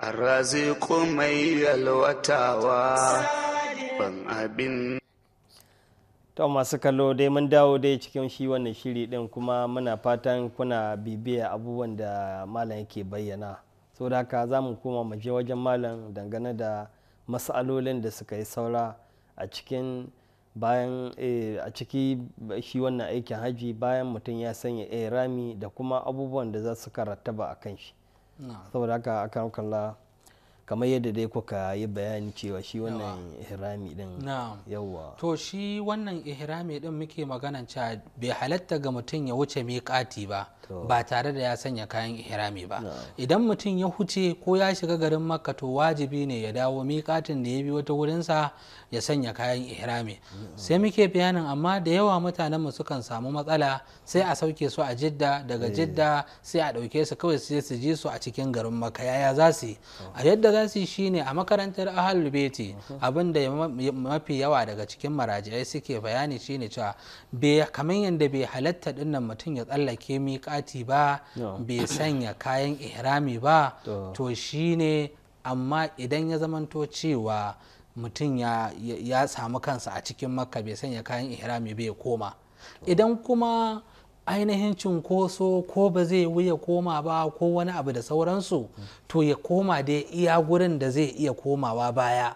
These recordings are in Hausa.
arraziku mai yalwatawa ban abin to masu kallo dai mun dawo dai cikin shi wannan shiri din kuma muna fatan kuna bibiya abubuwan da malam yake bayyana da haka za mu koma mu wajen malam dangane da matsalolin da suka yi saura a cikin bayan eh, a ciki shi wannan aikin haji bayan mutum ya sanya rami da kuma abubuwan da za su karattaba a kan shi نعم ثورة أكا أكا الله kamar yadda dai kuka yi bayani cewa shi wannan ihrami din yawa to shi wannan ihrami din muke maganan cewa bai halatta ga mutum ya wuce miƙati ba ba tare da ya sanya kayan ihrami ba idan mutum ya huce ko ya shiga garin makka to wajibi ne ya dawo miƙatin da ya bi wata wurinsa ya sanya kayan ihrami sai muke bayanin amma da yawa mutanen mu sukan samu matsala sai a sauke su a jidda daga eh. jidda sai a ɗauke su kawai sai su je su a cikin garin makka yaya za su yi a yadda za su yi shine a makarantar ahalul beti abin da mafi yawa daga cikin marajiai suke bayani shi ne cewa kamar yadda bai halatta dinnan mutum ya tsallake miƙati ba bai sanya kayan ihrami ba to shine amma idan ya zamanto cewa mutum ya samu kansa a cikin makka bai sanya kayan ihrami bai koma idan kuma ainihin cinkoso ko ba zai wuya koma ba ko wani abu da sauransu to ya koma dai iya gurin da zai iya komawa baya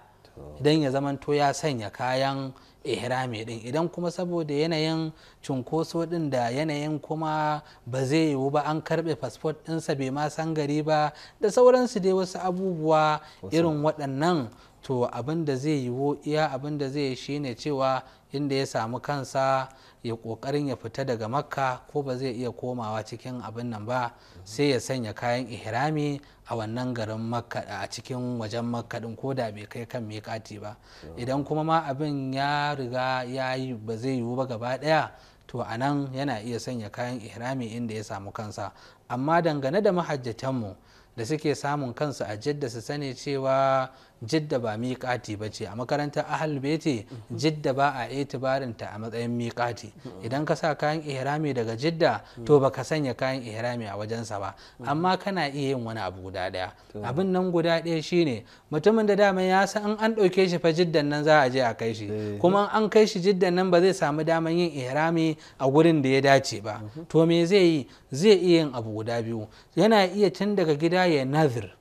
idan ya zamanto ya sanya kayan ihrami din idan kuma saboda yanayin cunkoso din da yanayin kuma ba zai yiwu ba an karbe fasfot ɗinsa bai ma san gari ba da sauransu dai wasu abubuwa irin waɗannan to abin da zai yiwu iya abin da zai shine cewa inda ya samu kansa ya kokarin ya fita daga makka ko ba zai iya komawa cikin abin nan ba sai ya sanya kayan ihrami a wannan garin makka a cikin wajen makka din ko da bai kai kan miƙati ba idan kuma ma abin ya riga ya yi ba zai yiwu ba gaba ɗaya to a nan yana iya sanya kayan ihrami inda ya samu kansa amma dangane da mahajjatanmu da suke samun kansu a jadda su sani cewa jidda ba miƙati ba ce a makarantar ahal beti jidda ba a itibarin a matsayin miƙati idan ka sa kayan ihrami daga jidda to baka sanya kayan ihrami a wajensa ba amma kana iya yin wani abu guda ɗaya abin nan guda ɗaya shine mutumin da dama ya san an ɗauke shi fa jiddan nan za a je a kai shi eh. kuma an kai shi jiddan nan ba zai samu daman yin ihrami a gurin da ya dace ba mhm. to me zai yi zai iya yin abu guda biyu yana iya tun daga gida ya nazir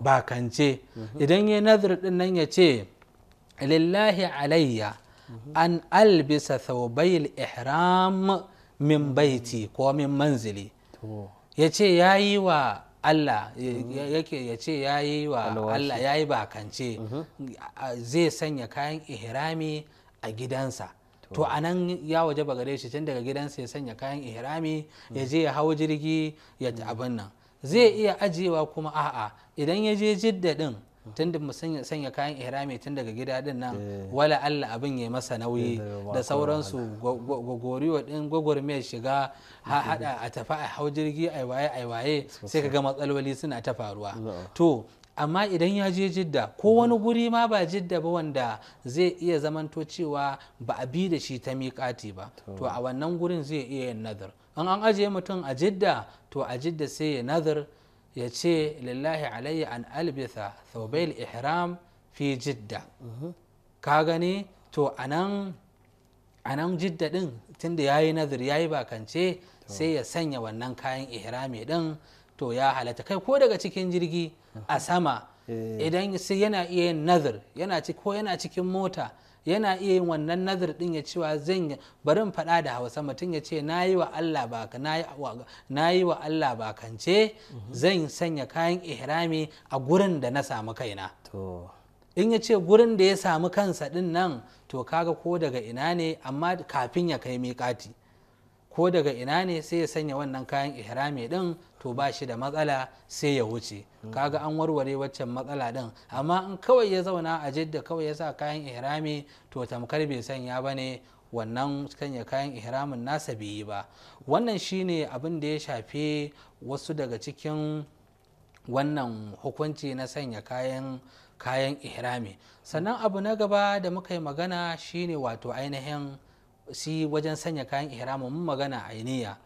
ba ce mhm. idan ya nazar din nan ya ce lillahi alayya mhm. an albisa thawbayil ihram min mhm. baiti ko min manzili ya ce ya yi wa Allah ya ce ya yi wa Allah ya yi bakance zai sanya kayan ihrami a gidansa to a nan ya waje gare shi tun daga gidansa ya sanya kayan ihrami ya je ya hau jirgi ya abin nan zai iya ajiyewa kuma a'a idan ya je jidda din tun mu sanya kayan ihrami tun daga gida din nan eh. wala Allah abin ya masa nauyi eh, da sauransu gogoriwa din gwagwarmiyar shiga hada a tafi a hau jirgi waye aiwaye waye sai ga matsaloli suna ta faruwa to amma idan ya je jidda ko mm-hmm. wani guri ma ba jidda ba wanda zai iya zamanto cewa ba a bi da shi ta miƙati ba to a wannan gurin zai iya yin nadar in an ajiye mutum a jidda to a jidda sai ya nazar ya ce lillahi alayya an albitha thawbayl ihram fi jidda mhm. ka gani to anan anan jidda din tunda yayi nazar yayi bakance sai ya sanya wannan kayan ihrami din to ya halatta kai ko daga cikin jirgi a sama Eh. idan sai yana iya yin nazar yana ci ko yana cikin mota yana iya yin wannan nazar din ya cewa zan barin faɗa da hausa mutum ya ce na yi wa Allah ba kance mhm. zan sanya kayan ihrami a gurin da na samu kaina in ya ce gurin da ya samu kansa din nan to kaga ko daga ina ne amma kafin ya kai miƙati ko daga ina ne sai ya sanya wannan kayan ihrami din to ba shi da matsala sai ya wuce kaga an warware waccan matsala din amma in kawai ya zauna a jidda kawai ya sa kayan ihrami to tamkar bai sanya ba ne wannan sanya kayan ihramin nasa bai yi ba wannan shine abin da ya shafi wasu daga cikin wannan hukunci na sanya kayan kayan ihrami sannan abu na gaba da muka yi magana shine wato ainihin shi wajen sanya kayan ihrama mun magana a yi niyya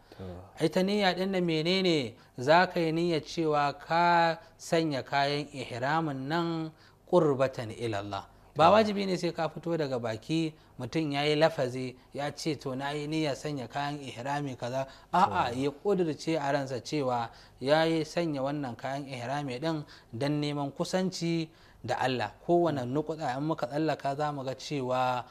ita niyya din da menene za ka yi niyya cewa ka sanya kayan ihramin nan qurbatan ilallah ba wajibi ne sai ka fito daga baki mutum ya yi lafazi ya ce to na yi niyya sanya kayan ihrami kaza a'a ya kudurce a ransa cewa ya yi sanya wannan kayan ihrami din don neman kusanci da allah kowane nukuta in muka tsallaka za mu ga cewa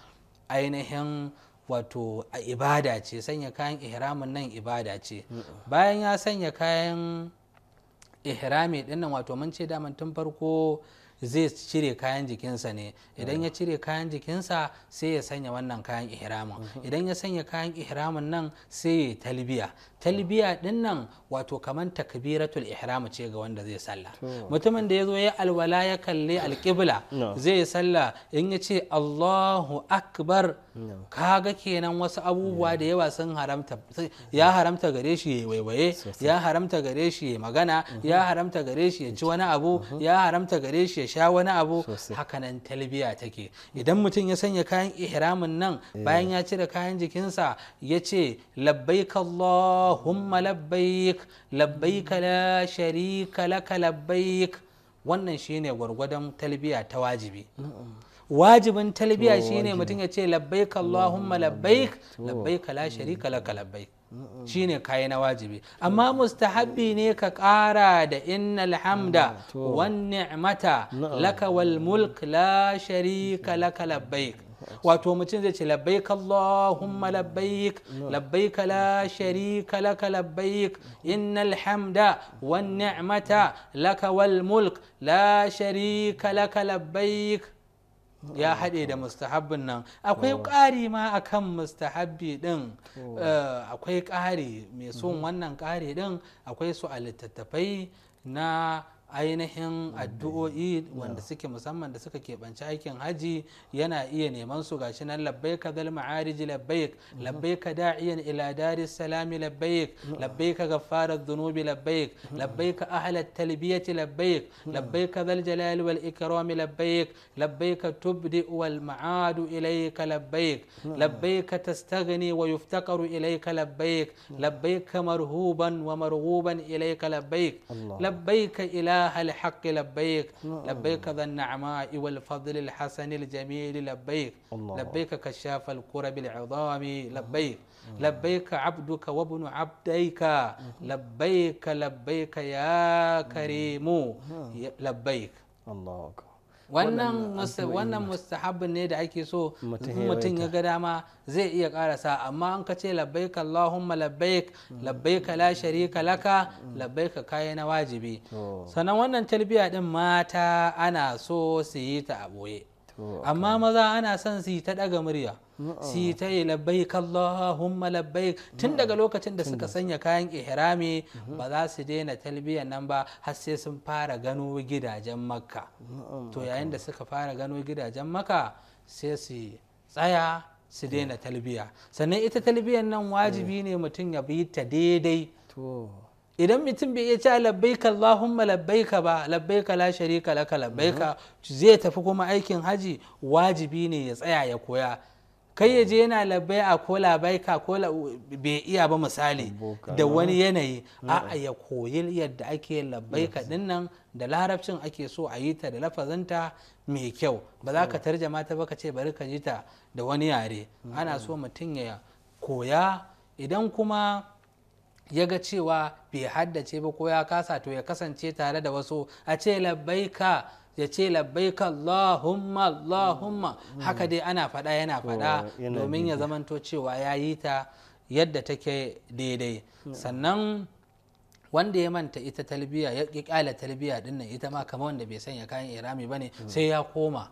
ainihin wato a ibada ce sanya kayan ihramin nan ibada ce bayan ya sanya kayan ihrami dinnan wato mun ce daman tun farko zai cire kayan jikinsa ne idan ya cire kayan jikinsa sai ya sanya wannan kayan ihramin idan ya sanya kayan ihramin nan sai ya talbiya talbiya din nan wato kaman takbiratul ihram ce ga wanda zai sallah mutumin da yazo ya alwala ya kalle alqibla zai sallah in ya ce Allahu akbar kaga kenan wasu abubuwa da yawa sun haramta ya haramta gare shi ya waiwaye ya haramta gare shi ya magana mm-hmm. ya haramta gare shi ya ci wani abu mm-hmm. ya haramta gare shi ya sha wani abu hakanan talbiya take idan mutum ya sanya kayan ihramin nan bayan ya cire kayan jikinsa ya ce labbaik Allahu اللهم لبيك لبيك لا شريك لك لبيك wannan shine gwargwadon talbiya ta wajibi wajibin talbiya shine mutum ya ce labbaik allahumma labbaik labbaik la sharika laka labbaik shine kayi na wajibi amma mustahabbi ne ka kara da innal hamda wan ni'mata laka wal mulk la sharika laka labbaik wato mutum zai ce labbaik Allahumma labbaik labbaik la sharika laka labbaik innal hamda wan ni'mata laka wal mulk la sharika laka labbaik ya haɗe da mustahabbin nan akwai ƙari ma akan mustahabbi din oh. eh, akwai ƙari mai son mm-hmm. wannan ƙari ɗin akwai su a littattafai na ainihin addu'o'i wanda suke musamman da suka keɓanci aikin haji yana iya neman su gashi nan labbaika dal ma'arij labbaik labbaika da'iyan ila daris salam labbaik labbaika ghaffara dhunubi labbaik labbaika ahla talbiyati labbaik labbaika dal jalal wal ikram labbaik labbaika tubdi wal ma'adu ilayka labbaik labbaika tastaghni wa yuftaqaru ilayka labbaik labbaika marhuban wa marghuban ilayka labbaik labbaika ila إله الحق لبيك آه. لبيك ذا النعماء والفضل الحسن الجميل لبيك لبيك كشاف الكرب العظام آه. لبيك آه. لبيك عبدك وابن عبديك لبيك لبيك يا كريم لبيك الله أكبر wannan mustahabin ne da ake so mutum ya ga dama zai iya karasa amma an ka ce labbaik allahumma labbaik labbaik la sharika laka labbaik kayi na wajibi sannan wannan talbiya din mata ana so su yi ta a boye amma maza ana son su yi ta daga murya si ta yi labbaik Allahumma labbaik tun daga lokacin da suka sanya kayan ihrami ba za su daina talbiyan nan ba har sai sun fara gano gidajen makka to yayin da suka fara gano gidajen makka sai su tsaya su eh. daina talbiya sannan ita talbiyan nan wajibi eh. ne mutum ya bi ta daidai idan mutum bai iya cewa labbaika Allahumma labbaika ba labbaika la sharika laka labbaika mm-hmm. zai tafi kuma aikin haji wajibi ne ya tsaya ya koya kai ya je yana labai a ko labai ka ko bai iya ba misali da wani yanayi mm. a ya koyi yadda ake labai ka dinnan da larabcin ake so a yi ta da lafazinta mai kyau ba za ka tarjama ta ba ka ce bari ka ji ta da wani yare mm. ana so mutum ya koya idan kuma ya ga cewa bai haddace ba ko ya kasa to ya kasance tare da wasu a ce ka. ya ce labbaika Allahumma Allahumma haka dai ana fada yana fada domin ya zamanto cewa ya yi ta yadda take daidai sannan wanda ya manta ita talbiya ya kyala talbiya dinnan ita ma kamar wanda bai sanya kayan irami bane sai ya koma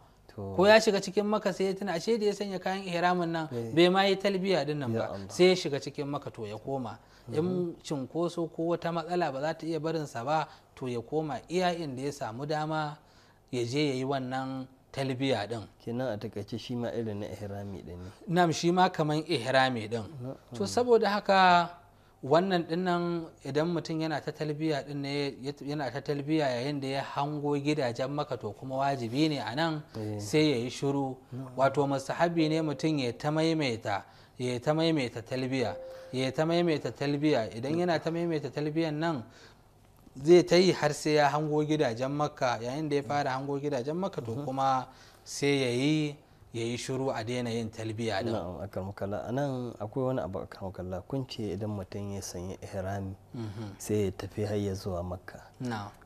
ko ya shiga cikin maka sai ya tuna ashe da ya sanya kayan ihramin nan eh. bai ma yi talbiya din ba sai ya shiga cikin maka to ya koma in mhm. cinkoso ko wata matsala ba za ta iya barinsa ba to ya koma iya inda ya samu dama ya je ya yi wannan talbiya din kenan a takaice shi ma irin na ihrami din ne nam shi ma kaman ihrami din to saboda haka wannan dinnan idan mutum yana ta talbiya din ne yana ta talbiya yayin da ya hango gidajen maka to kuma wajibi ne a nan eh. sai ya yi shiru wato mustahabi ne mutum ya ta maimaita ya ta maimaita talbiya ya ta maimaita talbiya idan yana ta maimaita talbiyan nan zai ta yi har sai ya hango gidajen makka yayin da ya fara hango gidajen makka to mhm. kuma sai ya yi ya yi shuru a daina yin talbiya din na'am mukalla anan akwai wani abu mukalla kun ce idan mutum ya sanya ihrami mhm. sai ya tafi har ya zuwa makka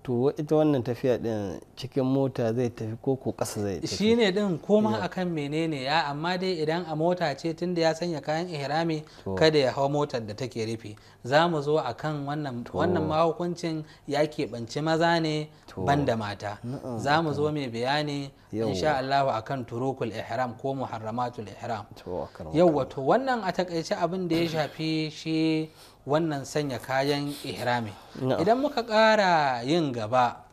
to ita wannan tafiya din cikin mota zai tafi ko ko kasa zai tafi shine din koma akan menene ya amma dai idan a mota ce tunda ya sanya kayan ihrami kada ya hau motar da take rufe za mu zo akan wannan wannan ma hukuncin ya keɓance maza ne banda mata za mu zo mai bayani insha Allah akan turukul ihrami ihram ko muharramatul ihram yau wato wannan a takaice abin da ya shafi shi wannan sanya kayan ihrami idan muka ƙara yin gaba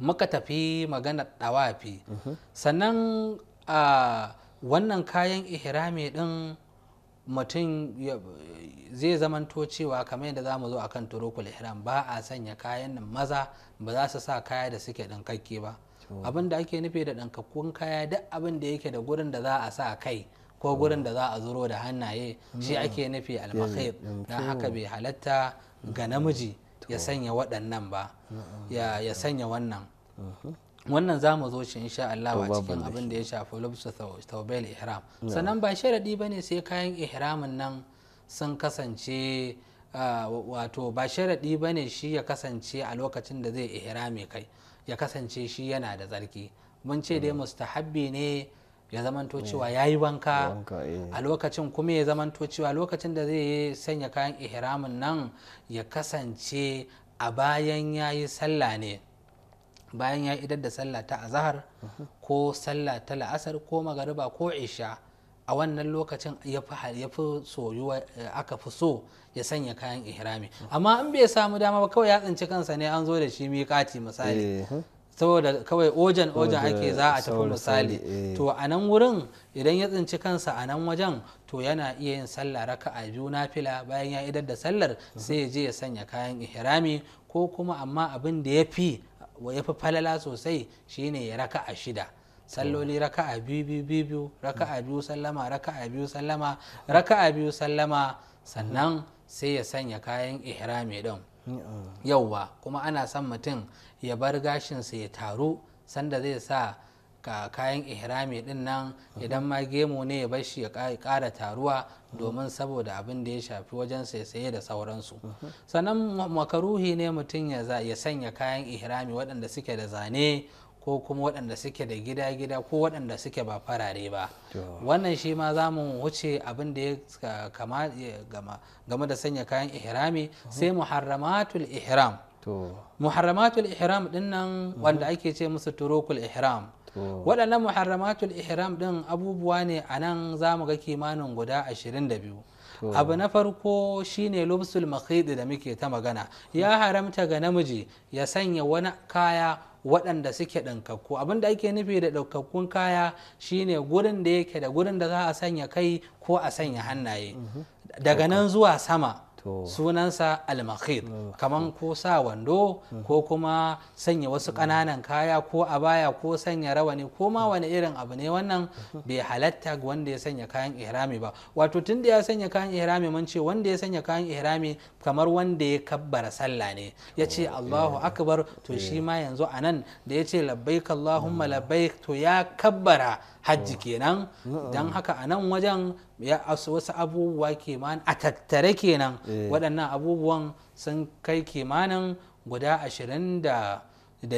muka tafi magana ɗawafi mhm. sannan a wannan kayan ihrami din mutum zai zamanto cewa kamar yadda za mu zo akan turukul ihram ba a sanya kayan maza ba za su sa kaya da suke ɗinkakke ba abin da ake nufi da ɗankakkun kaya duk abin da yake da gurin da za a sa kai ko mm. gurin da za a zuro da hannaye shi mm. ake nufi almakhir don haka bai halatta ga mm-hmm. namiji ya sanya waɗannan ba mm-hmm. ya sanya wannan mm-hmm. wannan za mu zo shi insha Allah a cikin abin da ya shafi lubsu taubel ihram sannan ba sharadi bane sai kayan ihramin nan sun kasance ah, wato ba sharadi bane shi ya kasance a lokacin da zai ihrame kai ya kasance shi yana da tsarki mun ce dai hmm. mustahabbi ne ya zamanto hmm. cewa ya yi wanka eh. a lokacin kuma ya zamanto cewa lokacin da zai yi sanya kayan ihramin nan ya kasance a bayan ya yi sallah ne bayan ya idar da sallah ta azahar mhm. ko sallah ta la'asar ko magariba ko isha a wannan lokacin ya fi soyuwa eh, aka fi so ya sanya kayan ihrami amma an bai samu dama ba kawai ya tsinci kansa ne an zo da shi miƙati misali eh. saboda kawai ojan ojan ake za a tafi misali eh. to a nan wurin idan ya tsinci kansa a nan wajen to yana iya yin sallah raka a biyu na fila bayan ya idar da sallar sai ya je ya sanya kayan ihrami ko kuma amma abin da ya fi falala sosai shine ya raka a shida salloli raka'a biyu biyu biyu biyu raka'a biyu sallama raka'a biyu sallama raka'a biyu sallama sannan sai ya sanya kayan ihrami din yauwa kuma ana son mutum ya bar gashinsa ya taru sanda zai sa ka kayan ihrami din nan idan ma gemu ne ya shi ya kara taruwa domin saboda abin da ya shafi wajen saye da sauransu sannan makaruhi ne mutum ya sanya kayan ihrami waɗanda suke da zane ko kuma waɗanda suke da gida-gida ko waɗanda suke ba farare ba wannan shi ma za mu wuce abin da ya kama game da sanya kayan ihrami sai mhm. muharramatul ihram muharramatul ihram din nan mhm. wanda ake ce musu turukul ihram waɗannan muharramatul ihram din abubuwa ne a nan za mu ga kimanin guda 22 abu na farko shine lubsul makhidi da muke ta magana ya haramta ga namiji ya sanya wani kaya waɗanda suke ɗankakku abin da ake nufi da ɗaukakkun kaya shine gurin da yake da gurin da za a sanya kai ko a sanya hannaye mhm. daga nan zuwa sama sunansa almakhir kaman ko sa wando mm. ko kuma sanya wasu mm. ƙananan kaya ko a baya ko sanya rawani ko ma mm. wani irin abu ne wannan bai halatta wanda ya sanya kayan ihrami ba wato tun da ya sanya kayan ihrami mun ce wanda ya sanya kayan ihrami kamar wanda ya kabbara sallah ne ya ce oh, allahu eh, akbar to eh. shi ma yanzu anan da ya ce labbaik allahumma labbaik to ya kabbara hajji kenan don haka a nan wajen ya wasu abubuwa kimanin a tattare kenan eh. waɗannan abubuwan sun kai kimanin guda ashirin da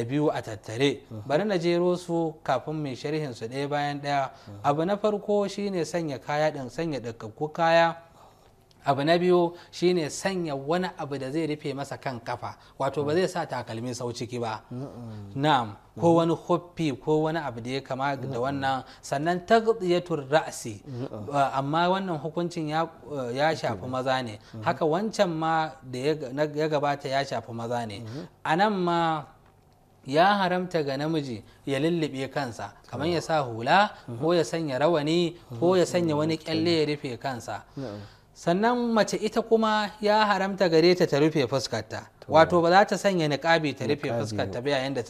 biyu a tattare bari na jero su kafin mai sharhin su ɗaya bayan ɗaya abu na farko shine sanya kaya ɗin sanya ɗakkakku kaya abu na biyu shine sanya wani abu da zai rufe masa kan kafa wato ba zai sa takalmi sau ciki ba na'am ko wani hoppi ko wani abu da ya kama da wannan sannan ta tagdiyatur ra'si amma wannan hukuncin ya shafi maza ne haka wancan ma da ya gabata ya shafi maza ne a nan ma ya haramta ga namiji ya lullube kansa kamar ya sa hula ko ya sanya rawani ko ya sanya wani kyalle ya rufe kansa sannan mace ita kuma ya haramta gare ta ta rufe fuskarta wato ba za ta sanya niƙabi ta rufe fuskarta ba yayin da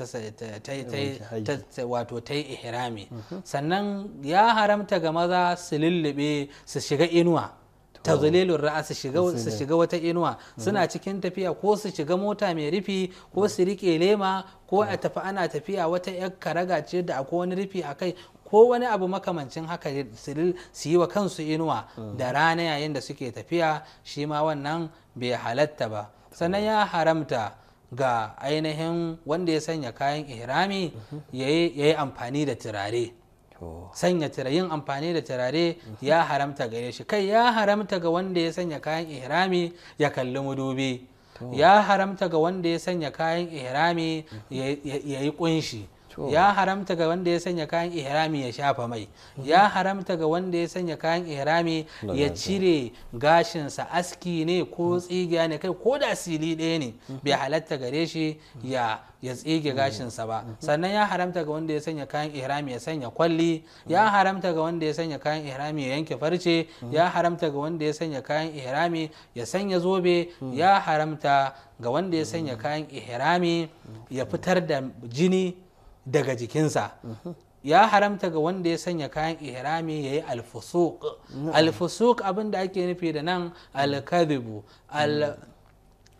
ta wato ta yi ihrami mhm. sannan ya haramta ga maza su lullube su shiga inuwa ta zulilun ra'a su shiga wata inuwa mhm. suna cikin tafiya ko su shiga mota mai rufi ko mhm. su rike lema ko a tafi ana tafiya wata yar karaga ce da akwai wani rufi a kai ko wani abu makamancin haka su yi wa kansu inuwa mm. da rana yayin da suke tafiya shi ma wannan bai halatta ba sannan ya haramta ga ainihin wanda ya sanya kayan ihrami mm-hmm. ya yi amfani da turare sanya yin amfani da turare mm-hmm. ya haramta gare shi kai ya haramta ga wanda ya sanya kayan ihrami ya kalli mudubi ya haramta ga wanda ya sanya kayan ihrami mm-hmm. ya yi kunshi ya haramta ga wanda ya sanya kayan ihrami ya shafa mai ya haramta ga wanda ya sanya kayan ihrami ya cire gashinsa aski ne ko hmm. tsigiya ne kai ko da sili ɗaya ne hmm. bai halatta gare shi hmm. ya ya tsige gashinsa ba sannan ya haramta ga wanda ya sanya kayan ihrami ya sanya kwalli ya haramta ga wanda ya sanya kayan ihrami ya yanke farce ya haramta ga wanda ya sanya kayan ihrami ya sanya zobe ya haramta ga wanda ya sanya kayan ihrami ya fitar da jini daga jikinsa ya haramta ga wanda ya sanya kayan ihrami ya yi alfusuk alfusuk abin ake nufi da nan alkadibu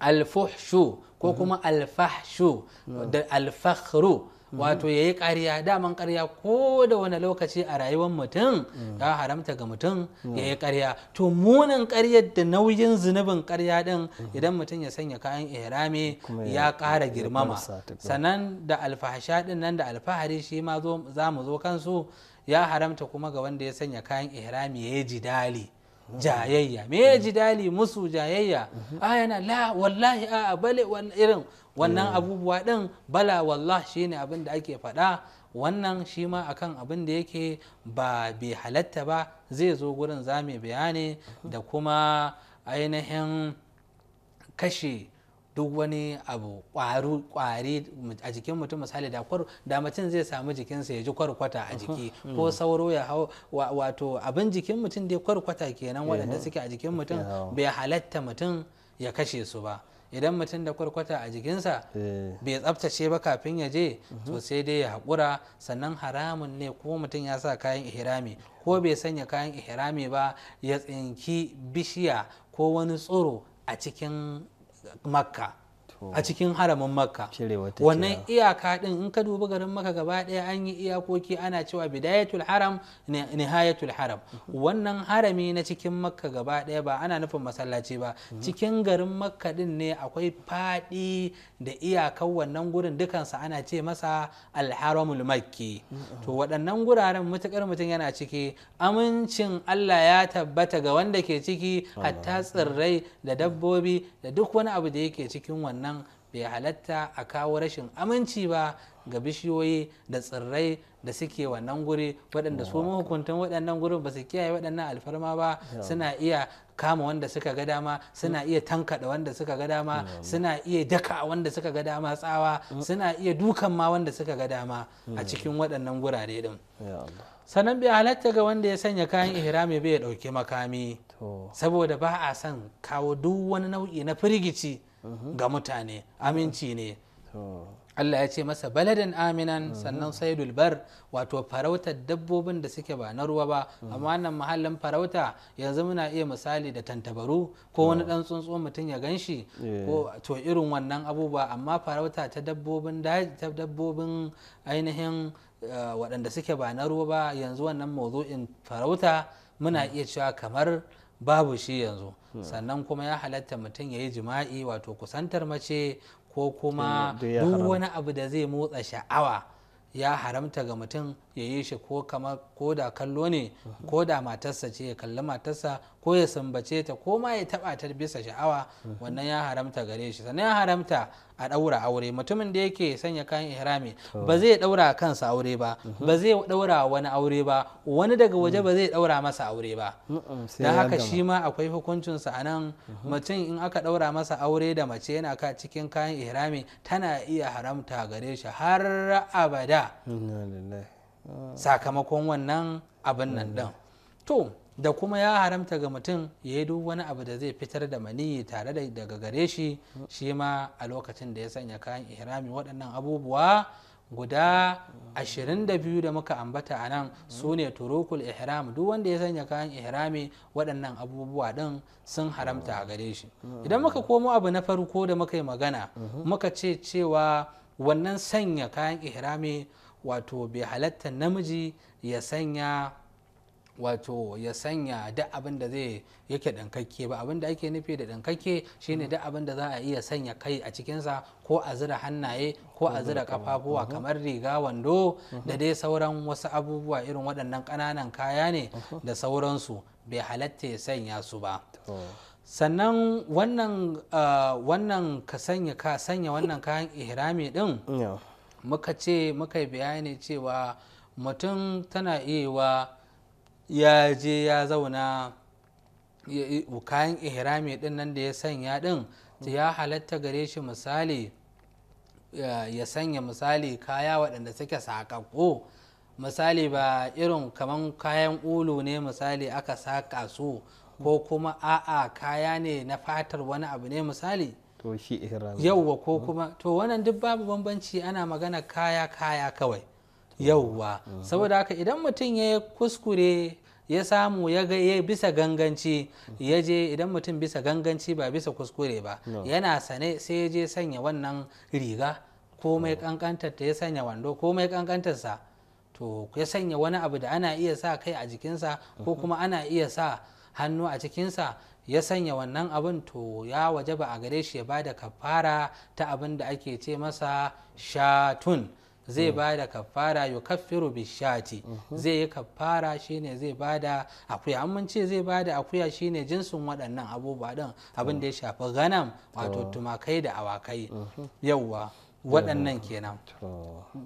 alfuhshu ko mm-hmm. kuma alfahshu da alfakhru Mhm. wato ya yi ƙarya daman ƙarya ko da wani lokaci a rayuwar mutum mhm. ya haramta ga mutum mhm. ya yi ƙarya to munin ƙaryar da nauyin zunubin ƙarya ɗin idan mutum ya sanya kayan ihrami ya ƙara girmama sannan da alfahasha ɗin nan da alfahari shi ma za mu zo kansu ya haramta kuma ga wanda ya sanya kayan ihrami ya yi jidali jayayya me ya jidali musu jayayya a ah, yana la wallahi a bale irin wannan abubuwa din bala wallah shine abin da ake faɗa wannan shi ma akan abin da yake ba bai halatta ba zai zo gurin zame bayani da kuma ainihin kashe duk wani abu kwari a jikin mutum misali da da mutum zai samu jikinsa ya ji kwarkwata a jiki ko mm. sauro ya hau wato abin jikin mutum dai kwarkwata kenan waɗanda eh. suke a jikin mutum bai halatta mutum ya kashe su ba idan mutum da kwarkwata a jikinsa eh. bai tsabtace ba kafin ya je mm-hmm. to sai dai ya haƙura sannan haramun ne ko mutum ya sa kayan ihirami ko bai sanya kayan ihirami ba ya tsinki bishiya ko wani tsoro a cikin مكة a cikin haramin makka wannan iyaka din in ka dubi garin makka gaba daya an yi iyakoki ana cewa bidayatul haram nihayatul haram mhm. wannan harami na cikin makka gaba daya ba ana nufin masallaci ba mhm. cikin garin makka din ne akwai fadi da iyakan wannan gurin dukansa ana ce masa alharamul makki mhm. to waɗannan guraren matuƙar mutum yana ciki amincin allah ya tabbata ga wanda ke ciki hatta tsirrai da dabbobi da duk wani abu da yake cikin wannan nan bai halatta a kawo rashin aminci ba ga bishiyoyi da tsirrai da suke wannan guri waɗanda su mahukuntan waɗannan gurin ba su kiyaye waɗannan alfarma ba suna iya kama wanda suka ga dama suna iya tankaɗa wanda suka ga dama suna iya daka wanda suka ga dama tsawa mm. suna iya dukan ma wanda suka ga dama a mm. cikin waɗannan gurare din. sannan bai halatta ga wanda ya sanya kayan ihrami bai ya ɗauki makami saboda ba a son kawo duk wani nau'i na firgici ga mutane aminci ne Allah ya ce masa baladin aminan mhm. sannan saidul bar wato farautar dabbobin da suke ba na ruwa ba mhm. amma wannan mahallin farauta yanzu muna iya misali da tantabaru ko wani dan oh. tsuntsu mutum ya ganshi ko to irin wannan abubuwa amma farauta ta dabbobin ta dabbobin ainihin eh, waɗanda suke ba na ruwa ba yanzu wannan mawdu'in farauta muna mm. iya cewa kamar babu shi yanzu sannan kuma ya halatta mutum ya yi jima'i wato kusantar mace ko kuma duk wani abu da zai motsa sha'awa ya haramta ga mutum ya yi shi ko kama ko da kallo ne ko da matarsa ce ya kalli matarsa ko ya sambace ta ko ma ya taba ta bisa sha'awa wannan ya haramta gare shi sannan ya haramta a daura aure mutumin da yake sanya kayan ihrami ba zai daura kansa aure ba ba zai daura wani aure ba wani daga waje ba zai ɗaura masa aure ba don haka shi ma akwai hukuncinsa sa anan mutum in aka ɗaura masa aure da mace yana ka cikin kayan ihrami tana iya haramta gare shi har abada sakamakon wannan abin nan ɗin to da kuma ya haramta ga mutum ya yi duk wani abu da zai fitar da maniyi tare da daga gare shi shi ma a lokacin da ya sanya kayan ihrami waɗannan abubuwa guda 22 da muka ambata a nan su ne turukul ihram duk wanda ya sanya kayan ihrami waɗannan abubuwa ɗin sun haramta a gare shi idan muka komo abu na farko da muka yi magana muka ce cewa wannan sanya kayan ihrami wato bai halatta namiji ya sanya wato ya sanya duk abin da zai yake ɗankakke ba abin da ake nufi da ɗankakke shine mm. duk abin da za a iya sanya kai a cikinsa ko a zira hannaye ko a zira kafafuwa mm-hmm. kamar riga wando da mm-hmm. dai sauran wasu abubuwa irin waɗannan ƙananan kaya ne mm-hmm. da sauransu bai halatta ya sanya su ba sannan wannan ah, ka sanya wannan kayan ihrami ɗin muka ce muka bayani cewa mutum tana iya ya je ya zauna kayan ihrami din nan da ya sanya din ya halatta gare shi misali ya sanya misali kaya waɗanda suke sakakko misali ba irin kaman kayan ulu ne misali aka saka su ko kuma a'a kaya ne na fatar wani abu ne misali ko shi ihram yawwa ko hmm. kuma to wannan duk babu bambanci ana magana kaya kaya kawai hmm. yauwa hmm. saboda haka idan mutum ya kuskure ya samu ya bisa ganganci ya je idan mutum bisa ganganci ba bisa kuskure ba yana sane sai ya je sanya wannan riga komai kankantar ta ya sanya wando komai sa to ya sanya wani abu da ana iya sa kai a jikinsa ko kuma ana iya sa hannu a cikinsa ya sanya wannan abin to ya waje ba a gare shi ya ba da kafara ta abin da ake ce masa shatun zai mm. ba da kafara yau kafiru bishati mm-hmm. zai yi kafara shine zai ba da akuya an zai ba da akuya shine jinsin waɗannan abubuwa ɗin abin da ya mm. shafi ganam wato tumakai da awakai mm-hmm. yauwa waɗannan mm-hmm. kenan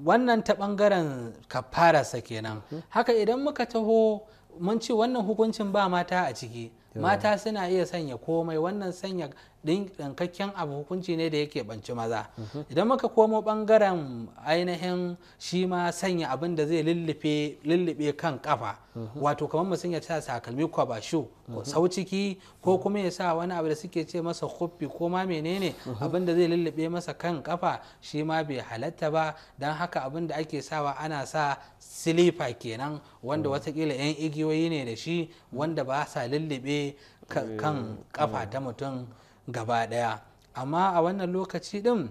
wannan ta ɓangaren kafararsa kenan haka idan muka taho mun ce wannan hukuncin ba mata a ciki mata suna iya sanya komai wannan sanya ɗinkakken abu hukunci ne da yake banci maza idan muka komo ɓangaren ainihin shi ma sanya abin da zai lullube kan kafa wato kamar mu sanya sa sakalmi kwabashu sau ciki ko kuma ya sa wani abu da suke ce masa huffi ko ma menene abin da zai lullube masa kan kafa shi ma bai halatta ba don haka abin da ake sawa ana sa silifa kenan wanda watakila 'yan igiyoyi ne da shi wanda ba sa lullube kan kafa ta mutum gaba ɗaya amma a wannan lokaci ɗin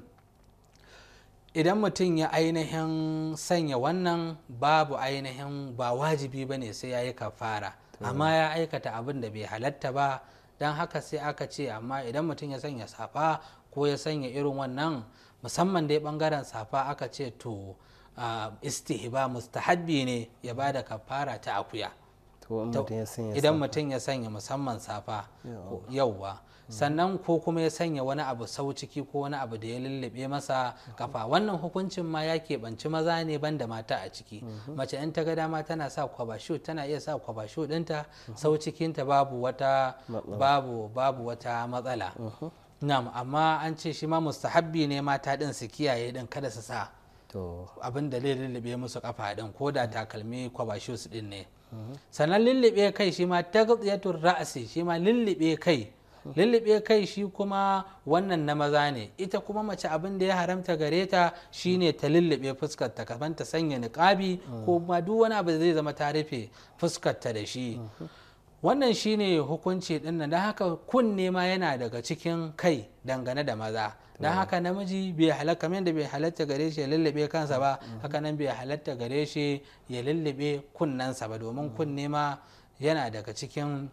idan mutum ya ainihin sanya wannan babu ainihin ba wajibi ba ne sai ya yi kafara amma ya aikata abin da bai halatta ba don haka sai aka ce amma idan mutum ya sanya safa ko ya sanya irin wannan musamman dai bangaren safa aka ce to ah, istihba mustahabbi ne ya ba da kafara ta akuya idan mutum ya sanya musamman safa yauwa mm. sannan ko kuma ya sanya wani abu sau ciki ko wani abu da ya lullube masa mm. kafa wannan hukuncin ma ya keɓanci maza ne ban da mata a ciki mm-hmm. mace in ta ga dama tana sa kwabashu tana iya sa kwabashu ɗinta mm-hmm. sau cikinta babu wata babu babu wata matsala mm-hmm. na'am amma an ce shi ma mustahabbi ne mata ɗin su kiyaye ɗin kada su sa abin da lullube musu kafa ɗin ko da takalmi kwabashu su ɗin ne sannan lullube kai shi ma tagtsiyatul ra'si shi ma lullube kai lullube kai shi kuma wannan na maza ne ita kuma mace abin da ya haramta gare ta shine ta lullube fuskar ta kafin ta sanya niqabi ko ma duk wani abu da zai zama ta rufe fuskar ta da shi wannan shine hukunci din da haka kunne ma yana daga cikin kai dangane da maza da haka namiji bai halatta kamar da bai halatta gare shi ya lullube kansa ba haka nan bai halatta gare shi ya lullube kunnensa ba domin kunne ma yana daga cikin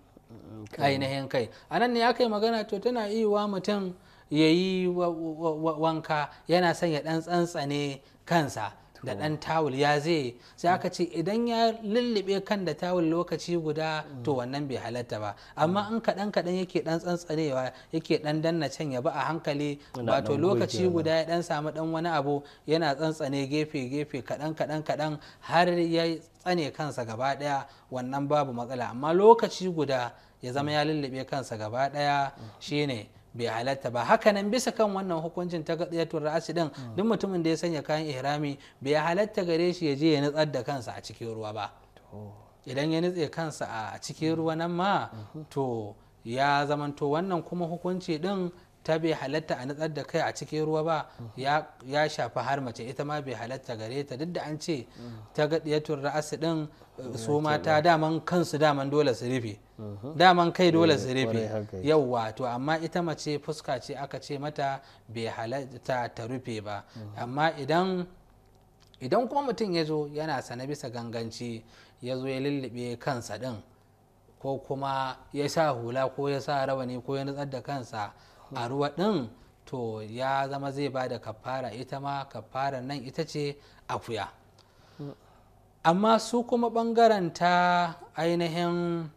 ainihin kai a nan ne ya yi magana to tana iya mutum ya yi wanka yana son ya ɗan tsantsane kansa da mm. ɗan tawul ya zai sai aka ce idan ya lullube kan da tawul lokaci guda to mm. wannan bai halatta ba amma in kaɗan kaɗan yake ɗan tsantsanewa yake ɗan danna can ya ba a hankali wato lokaci guda ya ɗan samu ɗan wani abu yana tsantsane gefe gefe kaɗan kaɗan kaɗan har ya tsane kansa gaba ɗaya wannan babu matsala amma lokaci guda ya zama ya lullube kansa gaba ɗaya mm. shine bai halatta ba hakanan bisa kan wannan hukuncin ta gadiyatul ra'asi din hmm. duk mutumin da ya sanya kayan ihrami bai halatta gare shi ya je ya nutsar da kansa a cikin ruwa ba idan ya nutse kansa a cikin hmm. ruwa nan ma hmm. to ya zamanto wannan kuma hukunci din ta bai halatta a natsar da kai a cikin ruwa ba ya shafi har mace ita ma bai halatta gare ta duk da an ce ta ga gadiyatun ra'asi din su mata daman kansu daman dole su rufe mhm. daman kai dole su eh, rufe yauwa to amma ita mace fuska ce aka ce mata bai halatta ta rufe ba mhm. amma idan idan kuma mutum ya zo yana sane bisa ganganci ya zo ya lullube kansa din ko kuma ya sa hula ko ya sa rawani ko ya natsar da kansa a ruwa ɗin to ya zama zai ba da kafara ita ma kafara nan ita ce akuya amma su kuma ɓangaren ta ainihin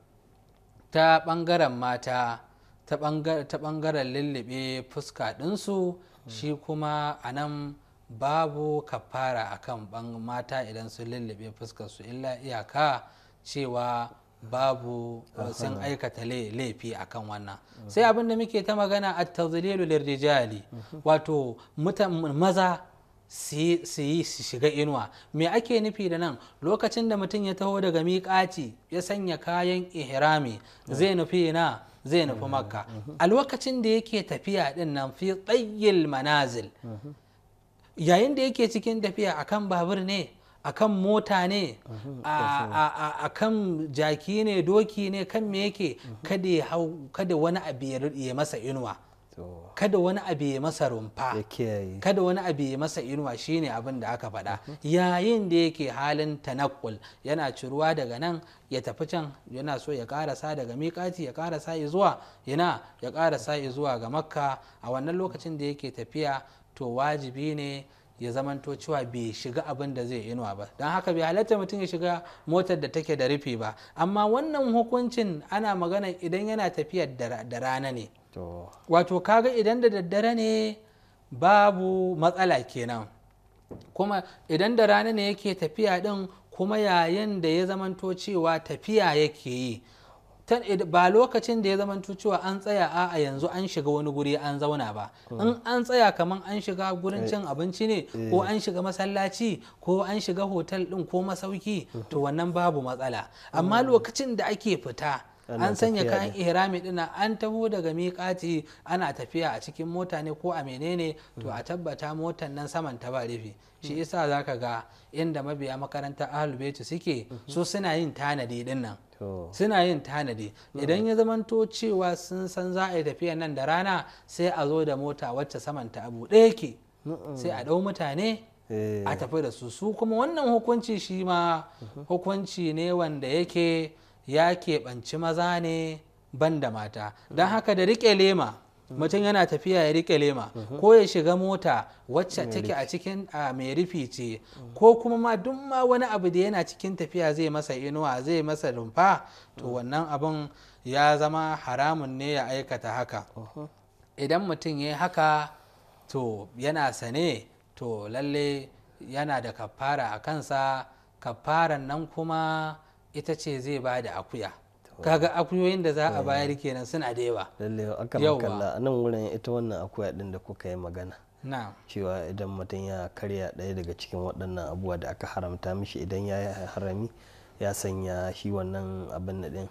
ta ɓangaren mata ta ɓangaren lullube fuska ɗinsu shi kuma a nan babu kafara akan mata idan su lullube fuskarsu illa iyaka cewa babu eh, sun aikata laifi a kan wannan sai abin da muke ta magana a tazlilu lirrijali mhm. wato maza su yi su shiga inuwa me ake nufi da nan lokacin da mutum ya taho daga miƙaci ya sanya kayan ihrami mhm. zai nufi na zai nufi mhm. makka a lokacin da yake tafiya din nan fi tsayil manazil yayin da yake cikin tafiya akan babur ne akan mota ne mhm, a kan jaki ne doki ne kan me yake mhm. kada wani abu ya masa inuwa kada wani abu ya masa rumfa kada wani abu ya masa inuwa shine abin da aka faɗa mhm. yayin da yake halin tanakul yana ciruwa daga nan ya tafi can yana so ya karasa daga miƙati ya karasa zuwa yana ya karasa zuwa ga makka a wannan lokacin da yake tafiya to wajibi ne ya zamanto cewa bai shiga abin da zai inuwa ba don haka bai halatta mutum ya shiga motar da take da rufe ba amma wannan hukuncin ana magana idan yana tafiya da rana ne wato kaga idan da daddare ne babu matsala kenan kuma idan da rana ne yake tafiya din kuma yayin da ya zamanto cewa tafiya yake yi Eh, ba lokacin da ya zamanto cewa an tsaya a yanzu an shiga wani guri an zauna ba hmm. in an tsaya kamar an shiga gurin eh. cin abinci ne ko eh. an shiga masallaci ko an shiga hotel din ko masauki hmm. to wannan babu matsala amma hmm. lokacin da ake fita an sanya kayan ihrami dina an taho daga miƙati ana tafiya a cikin mota ne ko a menene to a tabbata motan nan saman ta ba rufe shi mm. za ka ga inda mabiya makaranta ahalubetu suke mm-hmm. so suna yin tanadi din suna yin tanadi mm. idan ya zamanto cewa sun san za a yi tafiya nan da rana sai a zo da mota wacce saman ta abu ɗaya ke sai a ɗau mutane a eh. tafi da su su kuma wannan hukunci shi ma mm-hmm. hukunci ne wanda yake ya keɓanci maza ne ban da mata don haka da riƙe lema mutum yana tafiya ya riƙe lema ko ya shiga mota wacce take a cikin mai rufi ce ko kuma ma duk ma wani abu da yana cikin tafiya zai masa inuwa zai masa rumfa to wannan abun ya zama haramun ne ya aikata haka idan mutum ya haka to yana sane to lalle yana da kafara a kansa kafaran nan kuma ita ce zai ba da akuya kaga akuyoyin da za a eh. bayar kenan suna da yawa lalle aka nan wurin ita wannan akuya din da kuka yi magana cewa idan mutum ya karya ɗaya daga cikin waɗannan abubuwa da aka haramta mishi idan ya yi harami ya sanya shi wannan abin da din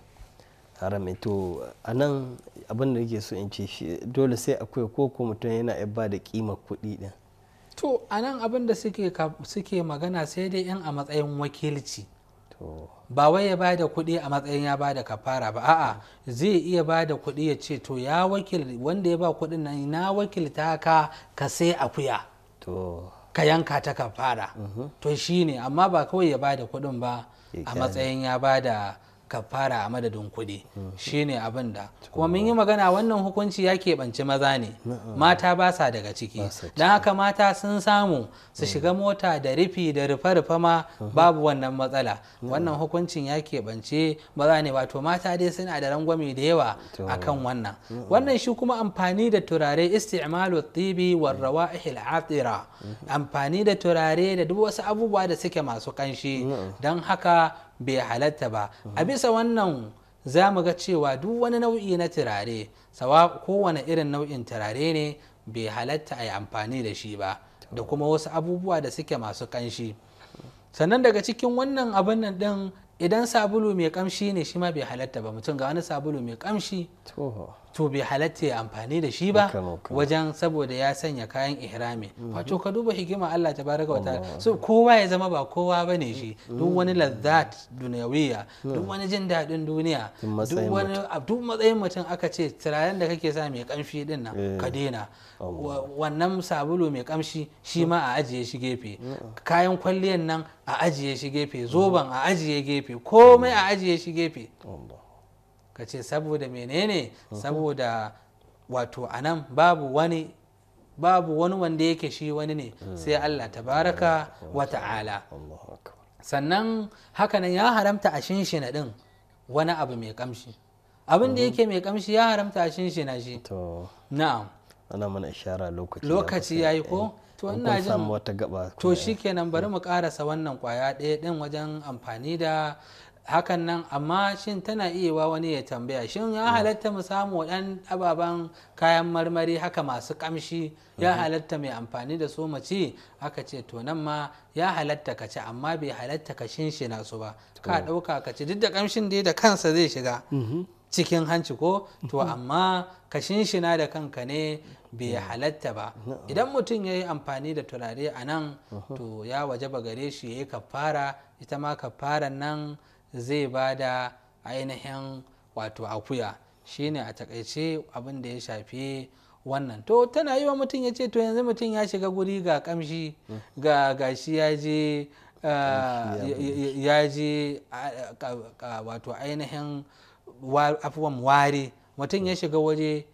harami to a nan abin da yake so in ce shi dole sai akwai ko ko mutum yana ba da kima kuɗi din to a nan abin da suke magana sai dai yan a matsayin wakilci ba wai ya bada kuɗi a matsayin ya bada kafara ba a'a zai iya bada kuɗi ya ce to ya wakil wanda ya ba kuɗin nan na wakilta ka ka sai akuya ka yanka ta kafara mhm. to shine amma ba kawai ya bada kuɗin ba a matsayin ya bada kafara a madadin kuɗi mm. shine abin da kuma mun yi magana wannan hukunci ya keɓance maza ne mata ba sa daga ciki don haka mata sun samu su mm. shiga mota da rufi da rufe-rufe ma uh-huh. babu wannan matsala wannan hukuncin ya keɓance maza ne wato mata dai suna da rangwame da yawa a kan wannan wannan shi kuma amfani da turare isti'malu tibi wa mm. rawa'ihil atira mm-hmm. amfani da turare da duk wasu abubuwa da suke masu kanshi don haka bai halatta ba a bisa wannan za mu ga cewa duk wani nau'i na turare sawa kowane irin nau'in turare ne bai halatta a yi amfani da shi ba da kuma wasu abubuwa da suke masu kanshi sannan daga cikin wannan abin nan din idan sabulu mai kamshi ne shi ma bai halatta ba mutum ga wani sabulu mai kamshi to bai halatta ya amfani da shi ba wajen saboda ya sanya kayan ihrami mm-hmm. wato ka duba hikima Allah ta baraka wa ta'ala so kowa ya zama ba kowa bane shi duk wani mm-hmm. lazzat duniyawiya hmm. duk wani jin daɗin duniya duk wani duk matsayin mutum aka ce turaren da kake sa mai kamshi din nan eh. ka daina wannan sabulu mai kamshi shi ma a ajiye shi gefe hmm. Hmm. kayan kwalliyan nan a ajiye shi gefe zoban a ajiye gefe komai a ajiye shi gefe ka ce saboda menene saboda wato anan babu wani babu wani wanda yake shi wani ne hmm. sai Allah tabaraka wa ta'ala sannan hakanan ya haramta a shinshina din wani abu mai kamshi abin da yake mai kamshi ya haramta a shinshina shi na'am ana mana ishara lokaci lokaci ya yi ko eh, to ina jin to shikenan bari mu karasa wannan kwaya ɗaya din wajen amfani da hakan nan amma shin tana iya wa wani ya tambaya shin ya mm. halatta mu samu waɗan ababen kayan marmari haka masu kamshi ya mm-hmm. halatta mai amfani da su mace aka ce to nan ma ya halatta ka ci amma bai halatta ka shinshina su ba ka ɗauka ka ci duk da kamshin dai da kansa zai shiga mm-hmm. cikin hanci ko to mm-hmm. amma ka shinshina da kanka ne bai mm. halatta ba idan mutum ya yi amfani da turare a nan uh-huh. to ya waje gare shi ya yi kafara ita ma kafaran nan zai ba da ainihin wato akuya shine a takaice abin da ya shafi wannan to tana yi wa mutum ya ce to yanzu mutum ya shiga guri ga kamshi ga gashi ya je ah, ya je wato ainihin afuwan ware mutum ya shiga waje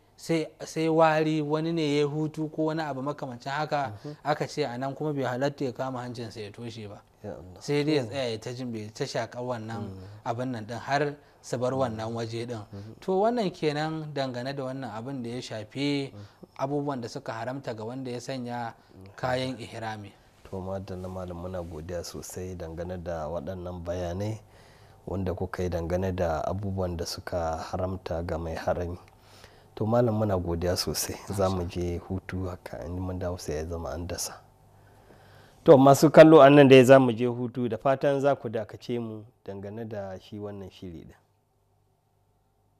sai wari wani ne ya hutu ko wani abu makamancin haka mhm. aka ce a nan kuma bai halatta ya kama hancinsa ya toshe ba sai eh ya tsaya ta jin ta shakar wannan mm. abin nan din har su bar wannan mm. waje din mm-hmm. to wannan kenan dangane da wannan abin da ya shafi mm. abubuwan da suka haramta ga wanda ya sanya kayan ihrami to madalla malam muna godiya sosai dangane da waɗannan bayanai wanda kuka yi dangane da abubuwan da suka haramta ga mai harami to malam muna godiya sosai za mu je hutu haka in mun dawo sai ya zama an dasa to masu kallo a nan dai za mu je hutu da fatan za ku dakace mu dangane da shi wannan shiri da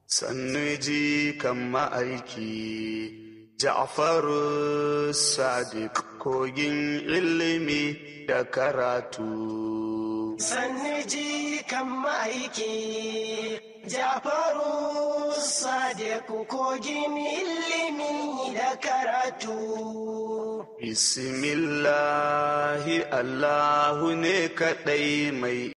sannu ji kan ma'aiki ja'faru sadiq kogin ilimi da karatu sannu ji kan ma'aiki Jafaru Sadiq kogin ilimi da karatu. Bismillahi Allahu ne kaɗai mai